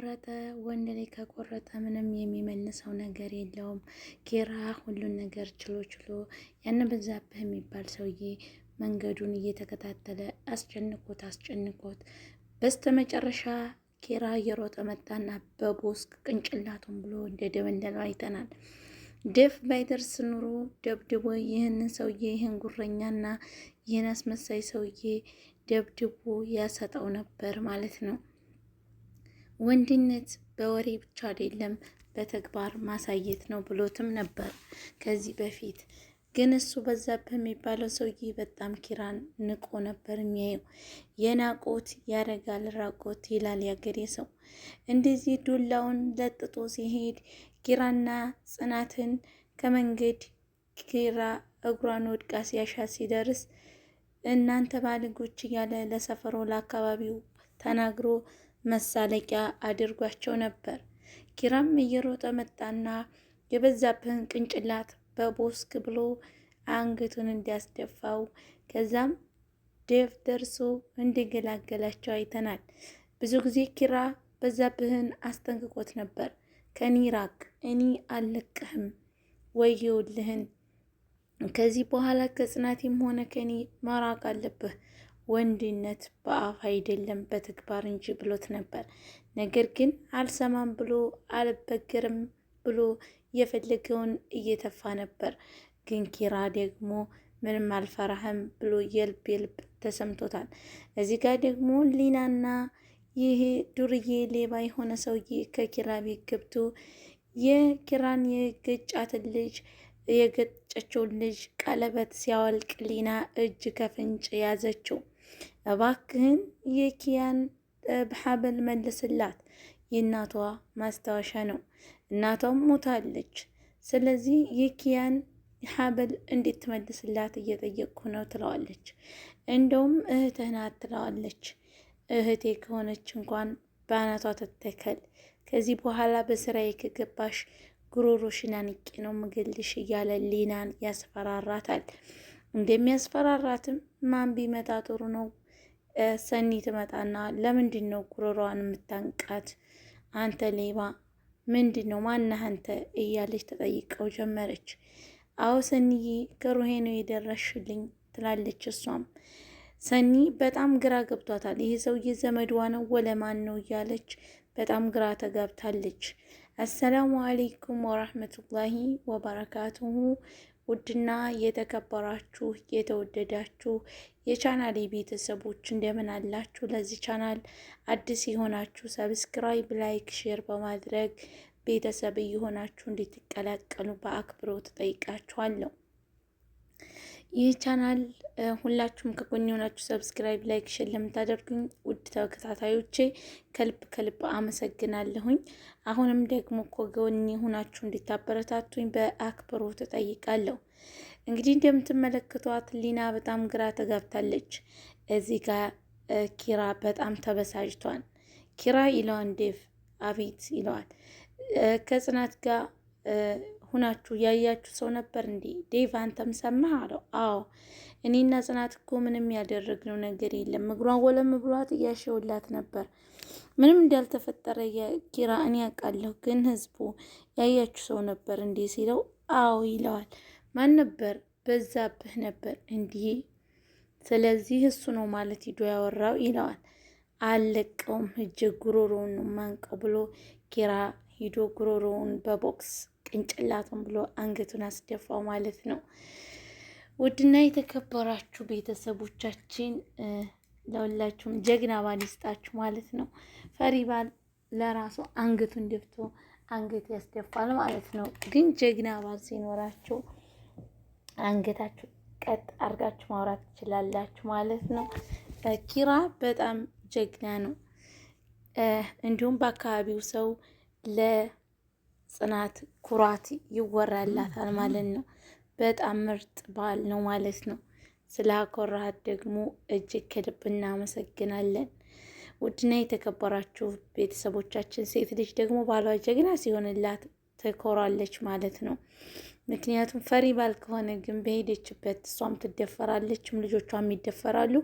ከቆረጠ ወንድ ላይ ከቆረጠ ምንም የሚመልሰው ነገር የለውም። ኪራ ሁሉን ነገር ችሎ ችሎ ያን በዛብህ የሚባል ሰውዬ መንገዱን እየተከታተለ አስጨንቆት አስጨንቆት በስተመጨረሻ ኪራ እየሮጠ መጣና በቦስክ ቅንጭላቱን ብሎ እንደ ደበደለው አይተናል። ደፍ ባይደርስ ኑሮ ደብድቦ ይህንን ሰውዬ ይህን ጉረኛና ይህን አስመሳይ ሰውዬ ደብድቦ ያሰጠው ነበር ማለት ነው። ወንድነት በወሬ ብቻ አይደለም በተግባር ማሳየት ነው ብሎትም ነበር ከዚህ በፊት ግን እሱ በዛብህ የሚባለው ሰውዬ በጣም ኪራን ንቆ ነበር የሚያየው። የናቆት ያረጋል ራቆት ይላል ያገሬ ሰው። እንደዚህ ዱላውን ለጥጦ ሲሄድ ኪራና ጽናትን ከመንገድ ኪራ እግሯን ወድቃ ሲያሻ ሲደርስ እናንተ ባልጎች እያለ ለሰፈሮ ለአካባቢው ተናግሮ መሳለቂያ አድርጓቸው ነበር። ኪራም እየሮጠ መጣና የበዛብህን ቅንጭላት በቦስክ ብሎ አንገቱን እንዲያስደፋው ከዛም ዴቭ ደርሶ እንዲገላገላቸው አይተናል። ብዙ ጊዜ ኪራ በዛብህን አስጠንቅቆት ነበር። ከኒራክ ራቅ፣ እኔ አልለቅህም፣ ወየውልህን ከዚህ በኋላ ከጽናትም ሆነ ከኔ መራቅ አለብህ ወንድነት በአፍ አይደለም በተግባር እንጂ ብሎት ነበር። ነገር ግን አልሰማም ብሎ አልበገርም ብሎ የፈለገውን እየተፋ ነበር። ግን ኪራ ደግሞ ምንም አልፈራህም ብሎ የልብ የልብ ተሰምቶታል። እዚህ ጋር ደግሞ ሊናና ይህ ዱርዬ ሌባ የሆነ ሰውዬ ከኪራ ቤት ገብቶ የኪራን የገጫትን ልጅ የገጨችውን ልጅ ቀለበት ሲያወልቅ ሊና እጅ ከፍንጭ ያዘችው። እባክህን የኪያን ሀብል መልስላት። የእናቷ ማስታወሻ ነው። እናቷም ሞታለች። ስለዚህ የኪያን ሀብል እንዴት ትመልስላት እየጠየቅኩ ነው ትለዋለች። እንደውም እህትህ ናት ትለዋለች። እህቴ ከሆነች እንኳን በአናቷ ትተከል። ከዚህ በኋላ በስራዬ ከገባሽ ጉሮሮሽን አንቄ ነው ምግልሽ እያለ ሊናን ያስፈራራታል። እንደሚያስፈራራትም ማን ቢመጣ ጥሩ ነው ሰኒ ትመጣና ለምንድን ነው ጉሮሯን የምታንቃት? አንተ ሌባ ምንድን ነው ማነህ አንተ እያለች ተጠይቀው ጀመረች። አዎ ሰኒዬ ከሩሄ ነው የደረሽልኝ ትላለች። እሷም ሰኒ በጣም ግራ ገብቷታል። ይህ ሰውዬ ዘመድዋ ነው ወለማን ነው እያለች በጣም ግራ ተጋብታለች። አሰላሙ አሌይኩም ወራህመቱላሂ ወበረካቱሁ ውድና የተከበራችሁ የተወደዳችሁ የቻናል ቤተሰቦች እንደምን አላችሁ? ለዚህ ቻናል አዲስ የሆናችሁ ሰብስክራይብ፣ ላይክ፣ ሼር በማድረግ ቤተሰብ እየሆናችሁ እንድትቀላቀሉ በአክብሮት ጠይቃችኋለሁ። ይህ ቻናል ሁላችሁም ከጎን ሆናችሁ ሰብስክራይብ፣ ላይክ፣ ሼር ለምታደርጉኝ ውድ ተከታታዮቼ ከልብ ከልብ አመሰግናለሁኝ። አሁንም ደግሞ ከጎን ሆናችሁ እንድታበረታቱኝ በአክብሮት እጠይቃለሁ። እንግዲህ እንደምትመለከቷት ሊና በጣም ግራ ተጋብታለች። እዚህ ጋር ኪራ በጣም ተበሳጭቷል። ኪራ ይለዋል ዴቭ አቤት ይለዋል ከጽናት ጋር ሁናችሁ ያያችሁ ሰው ነበር እንዴ? ዴቭ አንተም ሰማህ አለው። አዎ እኔና ጽናት እኮ ምንም ያደረግነው ነገር የለም። እግሯን ወለም ብሏት እያሸውላት ነበር። ምንም እንዳልተፈጠረ ኪራ እኔ ያውቃለሁ፣ ግን ህዝቡ ያያችሁ ሰው ነበር እንዴ ሲለው፣ አዎ ይለዋል። ማን ነበር? በዛብህ ነበር እንዲህ። ስለዚህ እሱ ነው ማለት ሂዶ ያወራው ይለዋል። አለቀውም እጀ ጉሮሮውን ማንቀው ብሎ ኪራ ሂዶ ጉሮሮውን በቦክስ ቅንጭላቱን ብሎ አንገቱን አስደፋው ማለት ነው። ውድና የተከበራችሁ ቤተሰቦቻችን ለሁላችሁም ጀግና ባል ይስጣችሁ ማለት ነው። ፈሪ ባል ለራሱ አንገቱን ደፍቶ አንገት ያስደፋል ማለት ነው። ግን ጀግና ባል ሲኖራችሁ አንገታችሁ ቀጥ አድርጋችሁ ማውራት ትችላላችሁ ማለት ነው። ኪራ በጣም ጀግና ነው። እንዲሁም በአካባቢው ሰው ለ ጽናት ኩራት ይወራላታል ማለት ነው። በጣም ምርጥ ባል ነው ማለት ነው። ስላኮራት ደግሞ እጅግ ከልብ እናመሰግናለን። ውድና የተከበራችሁ ቤተሰቦቻችን ሴት ልጅ ደግሞ ባሏ ጀግና ሲሆንላት ትኮራለች ማለት ነው። ምክንያቱም ፈሪ ባል ከሆነ ግን በሄደችበት እሷም ትደፈራለችም፣ ልጆቿም ይደፈራሉ፣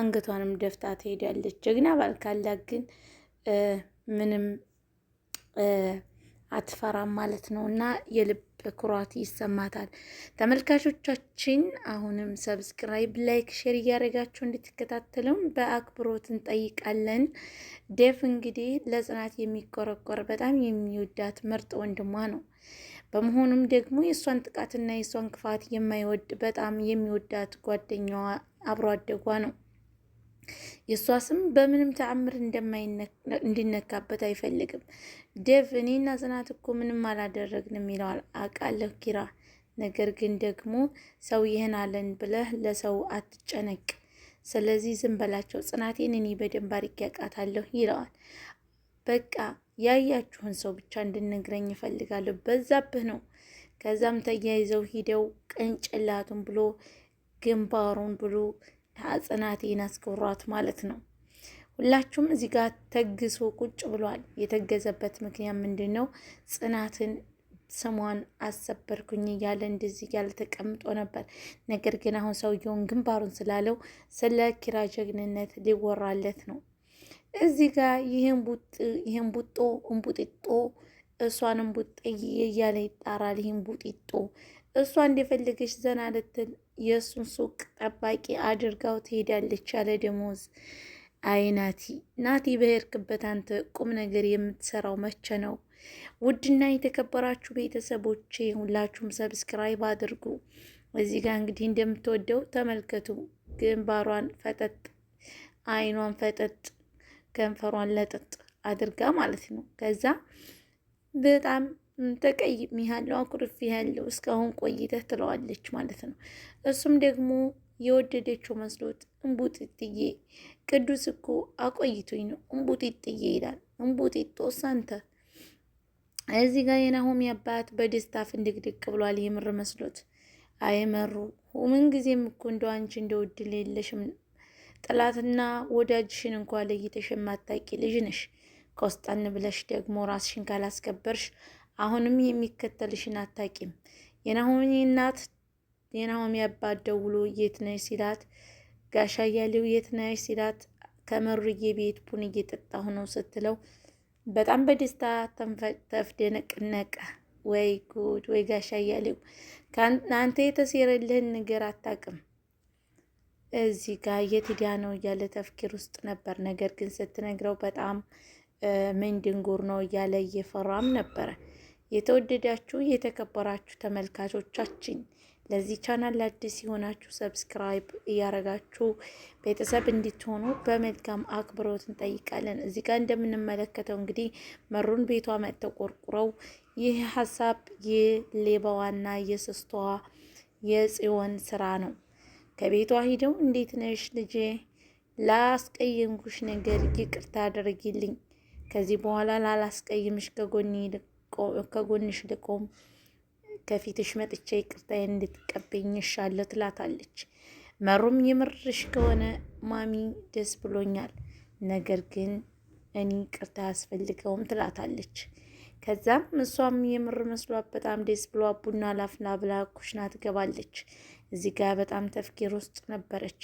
አንገቷንም ደፍታ ትሄዳለች። ጀግና ባል ካላት ግን ምንም አትፈራም ማለት ነው እና የልብ ኩራት ይሰማታል። ተመልካቾቻችን አሁንም ሰብስክራይብ፣ ላይክ፣ ሼር እያደረጋችሁ እንድትከታተሉም በአክብሮት እንጠይቃለን። ዴቭ እንግዲህ ለጽናት የሚቆረቆር በጣም የሚወዳት ምርጥ ወንድሟ ነው። በመሆኑም ደግሞ የእሷን ጥቃትና የእሷን ክፋት የማይወድ በጣም የሚወዳት ጓደኛዋ አብሮ አደጓ ነው። የእሷ ስም በምንም ተአምር እንዲነካበት አይፈልግም። ዴቭ እኔና ጽናት እኮ ምንም አላደረግንም ይለዋል። አውቃለሁ ኪራ፣ ነገር ግን ደግሞ ሰው ይህን አለን ብለህ ለሰው አትጨነቅ። ስለዚህ ዝም በላቸው፣ ጽናቴን እኔ በደንብ አድርጌ አውቃታለሁ ይለዋል። በቃ ያያችሁን ሰው ብቻ እንድንግረኝ እፈልጋለሁ፣ በዛብህ ነው። ከዛም ተያይዘው ሂደው ቅንጭላቱን ብሎ ግንባሩን ብሎ ጽናቴን አስቆሯት ማለት ነው። ሁላችሁም እዚህ ጋር ተግሶ ቁጭ ብሏል። የተገዘበት ምክንያት ምንድን ነው? ጽናትን ስሟን አሰበርኩኝ እያለ እንደዚህ እያለ ተቀምጦ ነበር። ነገር ግን አሁን ሰውየውን ግንባሩን ስላለው ስለ ኪራ ጀግንነት ሊወራለት ነው። እዚህ ጋር ይህን ቡጦ እንቡጢጦ እሷን እምቡጤ እያለ ይጣራል። ይህን ቡጢጦ እሷ እንደፈለገች ዘና ልትል የእሱን ሱቅ ጠባቂ አድርጋው ትሄዳለች ያለ ደሞዝ። አይ ናቲ ናቲ በሄድክበት አንተ ቁም ነገር የምትሰራው መቼ ነው? ውድና የተከበራችሁ ቤተሰቦቼ ሁላችሁም ሰብስክራይብ አድርጉ። እዚህ ጋር እንግዲህ እንደምትወደው ተመልከቱ። ግንባሯን ፈጠጥ፣ አይኗን ፈጠጥ፣ ከንፈሯን ለጠጥ አድርጋ ማለት ነው ከዛ በጣም ተቀይሜሃለሁ፣ ያለው እስካሁን ቆይተህ ትለዋለች ማለት ነው። እሱም ደግሞ የወደደችው መስሎት እምቡጢጥዬ ቅዱስ እኮ አቆይቶኝ ነው እምቡጢጥዬ ይላል። እምቡጢጦስ አንተ እዚህ ጋር የናሆሚ አባት በደስታ ፍንድቅድቅ ብሏል። የምር መስሎት አይመሩ ምን ጊዜም እኮ እንደ አንቺ እንደ ውድል የለሽም ጥላትና ወዳጅሽን እንኳ ለይተሽ የማታቂ ልጅ ነሽ። ከውስጣን ብለሽ ደግሞ ራስሽን ካላስከበርሽ አሁንም የሚከተልሽን አታቂም። የናሆሚ እናት የናሆሚ አባት ደውሎ የት ነሽ ሲላት፣ ጋሻ እያሌው የት ነሽ ሲላት፣ ከመሩዬ ቤት ቡን እየጠጣሁ ነው ስትለው በጣም በደስታ ተፍደነቅነቀ። ወይ ጉድ! ወይ ጋሻ እያሌው አንተ የተሴረልህን ነገር አታቅም። እዚህ ጋር የት ዲያ ነው እያለ ተፍኪር ውስጥ ነበር። ነገር ግን ስትነግረው በጣም ምን ድንጉር ነው እያለ እየፈራም ነበረ። የተወደዳችሁ የተከበራችሁ ተመልካቾቻችን ለዚህ ቻናል አዲስ የሆናችሁ ሰብስክራይብ እያረጋችሁ ቤተሰብ እንድትሆኑ በመልካም አክብሮት እንጠይቃለን። እዚህ ጋር እንደምንመለከተው እንግዲህ መሩን ቤቷ መጥተው ቆርቁረው ይህ ሀሳብ የሌባዋና የስስቷ የጽዮን ስራ ነው። ከቤቷ ሂደው እንዴት ነሽ ልጄ፣ ላስቀየምኩሽ ነገር ይቅርታ አድርጊልኝ። ከዚህ በኋላ ላላስቀይምሽ ከጎኔ ይልቅ ከጎንሽ ልቆም ከፊትሽ መጥቼ ይቅርታ እንድትቀበኝ ይሻለ ትላታለች። መሩም የምርሽ ከሆነ ማሚ ደስ ብሎኛል፣ ነገር ግን እኔ ይቅርታ አያስፈልገውም ትላታለች። ከዛም እሷም የምር መስሏት በጣም ደስ ብሎ ቡና ላፍላ ብላ ኩሽና ትገባለች። እዚህ ጋር በጣም ተፍኪር ውስጥ ነበረች።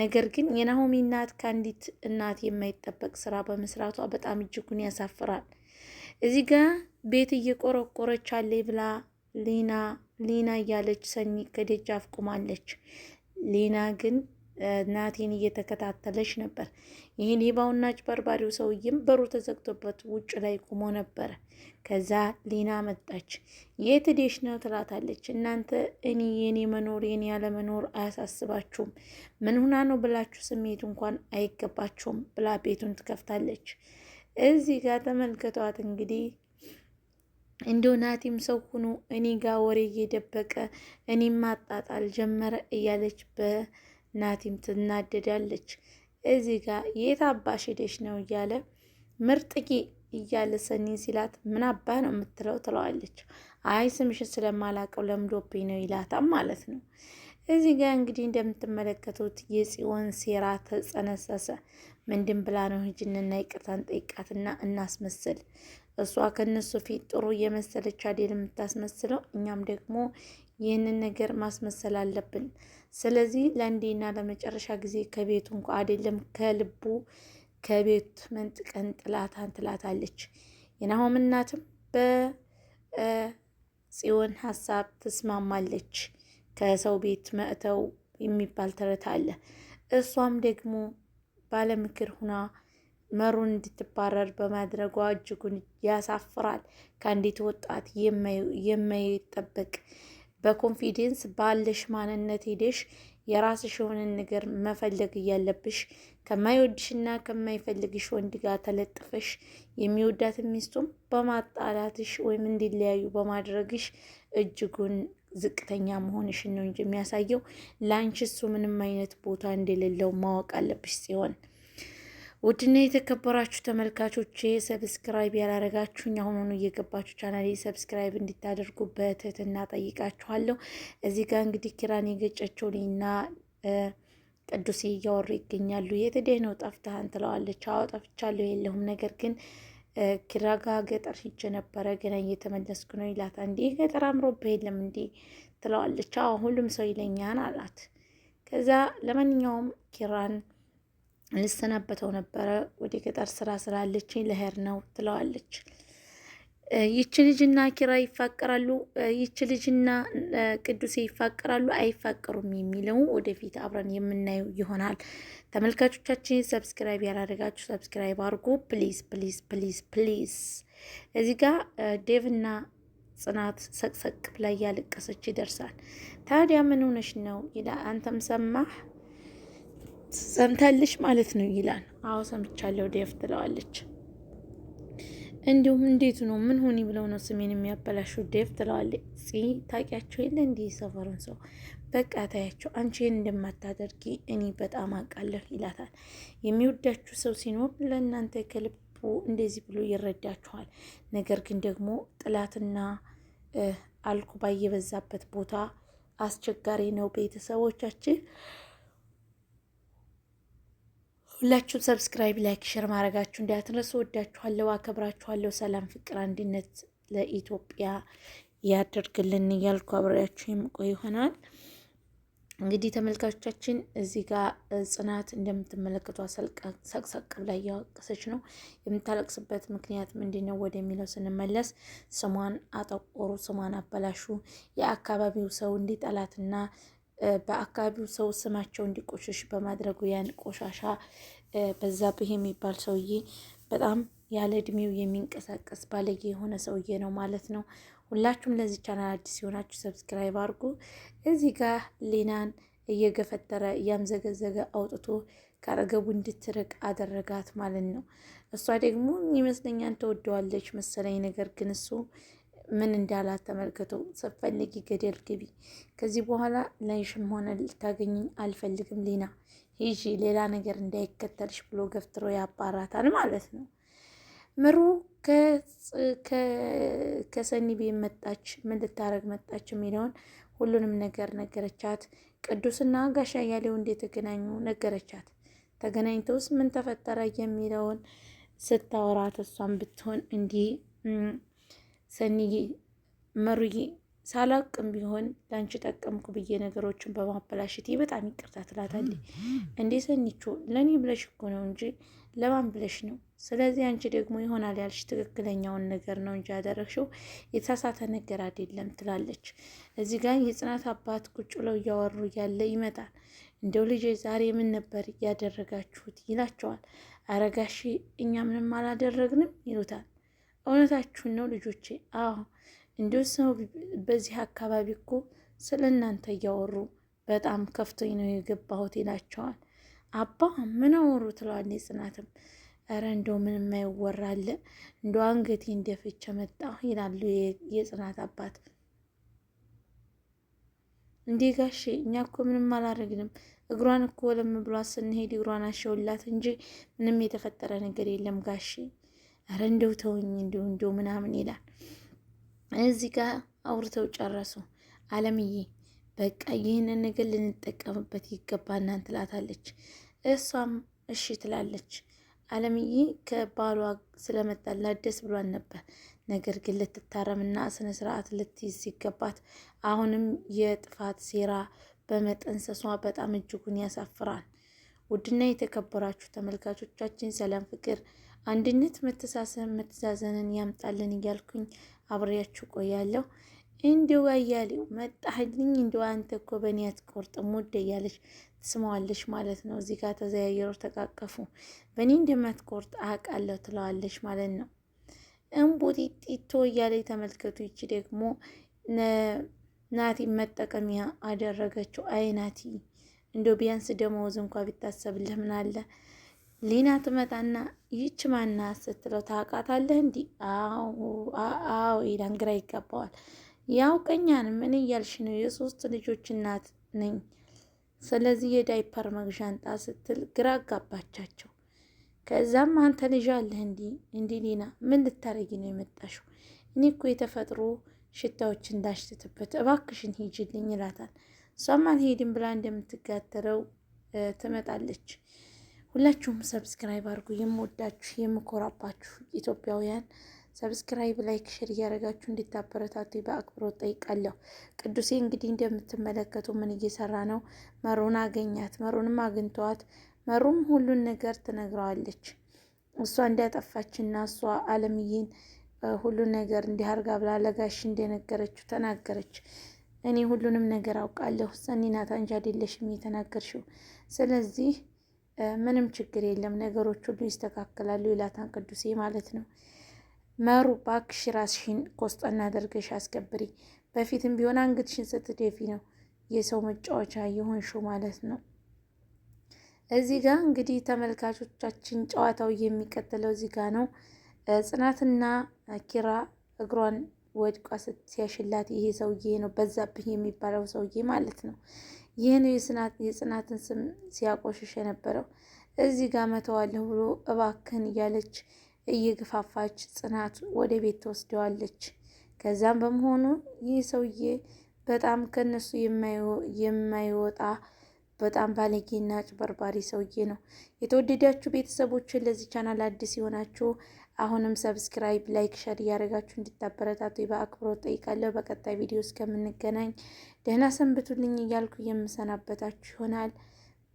ነገር ግን የናሆሚ እናት ከአንዲት እናት የማይጠበቅ ስራ በመስራቷ በጣም እጅጉን ያሳፍራል። እዚህ ጋ ቤት እየቆረቆረች አለ ብላ ሊና ሊና እያለች ሰኒ ከደጃፍ ቁማለች። ሊና ግን ናቴን እየተከታተለች ነበር። ይህን ሌባውና አጭበርባሪው ሰውዬም በሩ ተዘግቶበት ውጭ ላይ ቁሞ ነበረ። ከዛ ሊና መጣች። የት ዴሽ ነው ትላታለች። እናንተ እኔ የኔ መኖር የኔ ያለመኖር አያሳስባችሁም፣ ምን ሁና ነው ብላችሁ ስሜት እንኳን አይገባችሁም ብላ ቤቱን ትከፍታለች። እዚህ ጋር ተመልከቷት እንግዲህ እንደው ናቲም ሰው ሁኖ እኔ ጋር ወሬ እየደበቀ እኔም ማጣጣል ጀመረ እያለች በናቲም ትናደዳለች። እዚህ ጋር የት አባሽ ሄደሽ ነው እያለ ምርጥቂ እያለ ሰኒ ሲላት ምን አባ ነው የምትለው ትለዋለች። አይ ስምሽ ስለማላቀው ለምዶብኝ ነው ይላታም ማለት ነው። እዚህ ጋር እንግዲህ እንደምትመለከቱት የጽዮን ሴራ ተጸነሰሰ። ምንድን ብላ ነው ሂጂንና ይቅርታን ጠይቃትና እናስመስል። እሷ ከነሱ ፊት ጥሩ የመሰለች አዴል የምታስመስለው፣ እኛም ደግሞ ይህንን ነገር ማስመሰል አለብን። ስለዚህ ለአንዴና ለመጨረሻ ጊዜ ከቤቱ እንኳ አደለም ከልቡ ከቤት መንጥቀን ጥላታን ትላታለች። የናሆም እናትም በጽዮን ሀሳብ ትስማማለች። ከሰው ቤት መእተው የሚባል ተረት አለ። እሷም ደግሞ ባለምክር ሁና መሩን እንድትባረር በማድረጓ እጅጉን ያሳፍራል። ከአንዲት ወጣት የማይጠበቅ በኮንፊደንስ ባለሽ ማንነት ሄደሽ የራስሽ የሆነን ነገር መፈለግ እያለብሽ ከማይወድሽና ከማይፈልግሽ ወንድ ጋር ተለጥፈሽ የሚወዳትን ሚስቱም በማጣላትሽ ወይም እንዲለያዩ በማድረግሽ እጅጉን ዝቅተኛ መሆንሽን ነው እንጂ የሚያሳየው ለአንቺ እሱ ምንም አይነት ቦታ እንደሌለው ማወቅ አለብሽ ሲሆን ውድና የተከበራችሁ ተመልካቾቼ ሰብስክራይብ ያላረጋችሁኝ አሁኑኑ እየገባችሁ ቻናል ሰብስክራይብ እንዲታደርጉ በትህትና ጠይቃችኋለሁ። እዚህ ጋር እንግዲህ ኪራን የገጨችውና ቅዱሴ እያወሩ ይገኛሉ። የት ሄደህ ነው ጠፍተህ? ትለዋለች። አዎ ጠፍቻለሁ የለሁም ነገር ግን ኪራጋ ገጠር ሂጄ ነበረ ግን እየተመለስኩ ነው ይላት። እንዴ ገጠር አምሮብህ የለም እንዴ ትለዋለች። አዎ ሁሉም ሰው ይለኛን አላት። ከዛ ለማንኛውም ኪራን ልሰናበተው ነበረ ወደ ገጠር ስራ ስላለችኝ ልሄድ ነው ትለዋለች። ይች ልጅና ኪራ ይፋቀራሉ፣ ይች ልጅና ቅዱሴ ይፋቀራሉ፣ አይፋቀሩም የሚለው ወደፊት አብረን የምናየው ይሆናል። ተመልካቾቻችን ሰብስክራይብ ያላደረጋችሁ ሰብስክራይብ አድርጉ፣ ፕሊዝ ፕሊዝ ፕሊዝ ፕሊዝ። እዚህ ጋር ዴቭና ጽናት ሰቅሰቅ ብላ እያለቀሰች ይደርሳል። ታዲያ ምን ሆነሽ ነው ይላል። አንተም ሰማህ ሰምታለሽ ማለት ነው ይላል። አዎ ሰምቻለሁ ዴቭ ትለዋለች። እንዲሁም እንዴት ነው ምን ሆኒ ብለው ነው ስሜን የሚያበላሹ ዴቭ ትለዋለች። ፂ ታውቂያቸው የለ እንዲህ ሰፈሩን ሰው በቃ ታያቸው፣ አንቺ እንደማታደርጊ እኔ በጣም አውቃለሁ ይላታል። የሚወዳችሁ ሰው ሲኖር ለእናንተ ከልቡ እንደዚህ ብሎ ይረዳችኋል። ነገር ግን ደግሞ ጥላትና አልኩባ የበዛበት ቦታ አስቸጋሪ ነው ቤተሰቦቻችን ሁላችሁም ሰብስክራይብ፣ ላይክ፣ ሸር ማድረጋችሁ እንዳትረሱ። ወዳችኋለሁ፣ አከብራችኋለሁ። ሰላም፣ ፍቅር፣ አንድነት ለኢትዮጵያ ያደርግልን እያልኩ አብሬያችሁ የምቆይ ይሆናል። እንግዲህ ተመልካቾቻችን እዚህ ጋር ጽናት እንደምትመለከቱ ሰቅሰቅ ብላ እያወቀሰች ነው። የምታለቅስበት ምክንያት ምንድን ነው ወደሚለው ስንመለስ ስሟን አጠቆሩ፣ ስሟን አበላሹ። የአካባቢው ሰው እንዲጠላትና በአካባቢው ሰው ስማቸው እንዲቆሽሽ በማድረጉ ያን ቆሻሻ በዛብህ የሚባል ሰውዬ በጣም ያለ እድሜው የሚንቀሳቀስ ባለጌ የሆነ ሰውዬ ነው ማለት ነው። ሁላችሁም ለዚህ ቻናል አዲስ የሆናችሁ ሰብስክራይብ አድርጉ። እዚህ ጋር ሌናን እየገፈተረ እያምዘገዘገ አውጥቶ ከአጠገቡ እንድትርቅ አደረጋት ማለት ነው። እሷ ደግሞ ይመስለኛል ተወደዋለች መሰለኝ። ነገር ግን እሱ ምን እንዳላት ተመልከቱ። ስፈልጊ ገደል ግቢ፣ ከዚህ በኋላ ላይሽም ሆነ ልታገኝኝ አልፈልግም ሊና፣ ሂጂ ሌላ ነገር እንዳይከተልሽ ብሎ ገፍትሮ ያባራታል ማለት ነው። ምሩ ከሰኒ ቤት መጣች። ምን ልታረግ መጣች የሚለውን ሁሉንም ነገር ነገረቻት። ቅዱስና ጋሻ ያሌው እንደተገናኙ ነገረቻት። ተገናኝተውስ ምን ተፈጠረ የሚለውን ስታወራት እሷን ብትሆን እንዲህ ሰኒዬ መሩዬ ሳላቅም ቢሆን ለአንቺ ጠቀምኩ ብዬ ነገሮችን በማበላሸቴ በጣም ይቅርታ ትላታለች። እንዴ ሰኒቾ ለእኔ ብለሽ እኮ ነው እንጂ ለማን ብለሽ ነው? ስለዚህ አንቺ ደግሞ ይሆናል ያልሽ ትክክለኛውን ነገር ነው እንጂ ያደረግሽው የተሳሳተ ነገር አይደለም ትላለች። እዚህ ጋር የጽናት አባት ቁጭ ብለው እያወሩ እያለ ይመጣል። እንደው ልጄ ዛሬ ምን ነበር ያደረጋችሁት? ይላቸዋል። አረጋሺ እኛ ምንም አላደረግንም ይሉታል። እውነታችሁን ነው ልጆቼ? አዎ እንዲሁ ሰው በዚህ አካባቢ እኮ ስለ እናንተ እያወሩ በጣም ከፍቶኝ ነው የገባሁት ይላቸዋል። አባ ምን አወሩ ትለዋለች ጽናትም እረ እንደው ምን የማይወራለ አለ እንደው አንገቴ እንደፍቼ መጣሁ ይላሉ የጽናት አባት። እንዴ ጋሼ እኛ እኮ ምንም አላደረግንም። እግሯን እኮ ለም ብሏት ስንሄድ እግሯን አሸውላት እንጂ ምንም የተፈጠረ ነገር የለም ጋሼ ኧረ እንደው ተውኝ እንደው እንደው ምናምን ይላል። እዚህ ጋር አውርተው ጨረሱ። አለምዬ በቃ ይህንን ነገር ልንጠቀምበት ይገባናን ትላታለች። እሷም እሺ ትላለች። አለምዬ ከባሏ ስለመጣላት ደስ ብሏን ነበር። ነገር ግን ልትታረምና ስነ ስርዓት ልትይዝ ሲገባት አሁንም የጥፋት ሴራ በመጠንሰሷ በጣም እጅጉን ያሳፍራል። ውድና የተከበራችሁ ተመልካቾቻችን ሰላም ፍቅር አንድነት፣ መተሳሰብ መተዛዘንን ያምጣልን እያልኩኝ አብሬያችሁ ቆያለሁ። እንዲሁ አያሌው መጣህልኝ፣ እንዲው አንተ እኮ በእኔ አትቆርጥም ውድ እያለች ትስማዋለች ማለት ነው። እዚህ ጋር ተዘያየሩ፣ ተቃቀፉ። በእኔ እንደማትቆርጥ አውቃለሁ ትለዋለች ማለት ነው። እምቡጢጢቶ እያለ ተመልከቱ። ይቺ ደግሞ ናቲ መጠቀሚያ አደረገችው። አይ ናቲ፣ ቢያንስ ደመወዝ እንኳ ቢታሰብልህ ምን አለ ሊና ትመጣና ይች ማና ስትለው ታውቃታለህ እንዲ አዎ ይላን። ግራ ይገባዋል። ቀኛን ምን እያልሽ ነው? የሶስት ልጆች እናት ነኝ። ስለዚህ የዳይፐር መግዣንጣ ስትል ግራ አጋባቻቸው። ከዛም አንተ ልጅ አለህ እንዲ እንዲ ሊና ምን ልታረጊ ነው የመጣሽው? እኔ እኮ የተፈጥሮ ሽታዎች እንዳሽትትበት እባክሽን ሂጅልኝ ይላታል። እሷም አልሄድም ብላ እንደምትጋተረው ትመጣለች። ሁላችሁም ሰብስክራይብ አድርጉ። የምወዳችሁ የምኮራባችሁ ኢትዮጵያውያን ሰብስክራይብ፣ ላይክ፣ ሼር እያደረጋችሁ እንዲታበረታቱ በአክብሮት ጠይቃለሁ። ቅዱሴ እንግዲህ እንደምትመለከቱ ምን እየሰራ ነው? መሩን አገኛት። መሩንም አግኝተዋት መሩም ሁሉን ነገር ትነግረዋለች። እሷ እንዳጠፋችና እሷ አለምዬን ሁሉን ነገር እንዲያርጋ ብላ ለጋሽ እንደነገረችው ተናገረች። እኔ ሁሉንም ነገር አውቃለሁ፣ ሰኒ ናት አንቺ አይደለሽም የተናገርሽው። ስለዚህ ምንም ችግር የለም፣ ነገሮች ሁሉ ይስተካከላሉ ይላታን ቅዱሴ ማለት ነው። መሩ ባክሽ ራስሽን ቆስጠና አድርገሽ አስከብሪ። በፊትም ቢሆን አንገትሽን ስትደፊ ነው የሰው መጫወቻ የሆንሽው ማለት ነው። እዚህ ጋር እንግዲህ ተመልካቾቻችን ጨዋታው የሚቀጥለው እዚህ ጋር ነው። ጽናትና ኪራ እግሯን ወድቋ ሲያሽላት ይሄ ሰውዬ ነው በዛብህ የሚባለው ሰውዬ ማለት ነው። ይህን የጽናትን ስም ሲያቆሽሽ የነበረው እዚህ ጋር መተዋለሁ ብሎ እባክን እያለች እየግፋፋች ጽናት ወደ ቤት ተወስደዋለች። ከዛም በመሆኑ ይህ ሰውዬ በጣም ከነሱ የማይወጣ በጣም ባለጌና ጭበርባሪ ሰውዬ ነው። የተወደዳችሁ ቤተሰቦችን ለዚህ ቻናል አዲስ የሆናችሁ አሁንም ሰብስክራይብ፣ ላይክ፣ ሸር እያደረጋችሁ እንድታበረታቱ በአክብሮት ጠይቃለሁ። በቀጣይ ቪዲዮ እስከምንገናኝ ደህና ሰንብቱልኝ እያልኩ የምሰናበታችሁ ይሆናል።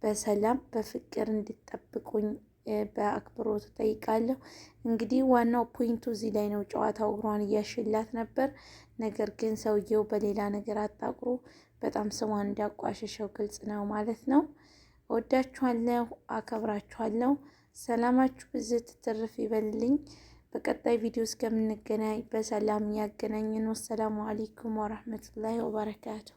በሰላም በፍቅር እንድጠብቁኝ በአክብሮት ጠይቃለሁ። እንግዲህ ዋናው ፖይንቱ እዚህ ላይ ነው። ጨዋታው እግሯን እያሽላት ነበር። ነገር ግን ሰውየው በሌላ ነገር አጣቁሮ በጣም ስሟን እንዳቋሸሸው ግልጽ ነው ማለት ነው። ወዳችኋለሁ፣ አከብራችኋለሁ። ሰላማችሁ ብዝት ትርፍ ይበልልኝ። በቀጣይ ቪዲዮ እስከምንገናኝ በሰላም ያገናኘን። ወሰላሙ አሌይኩም ወራህመቱላሂ ወበረካቱ።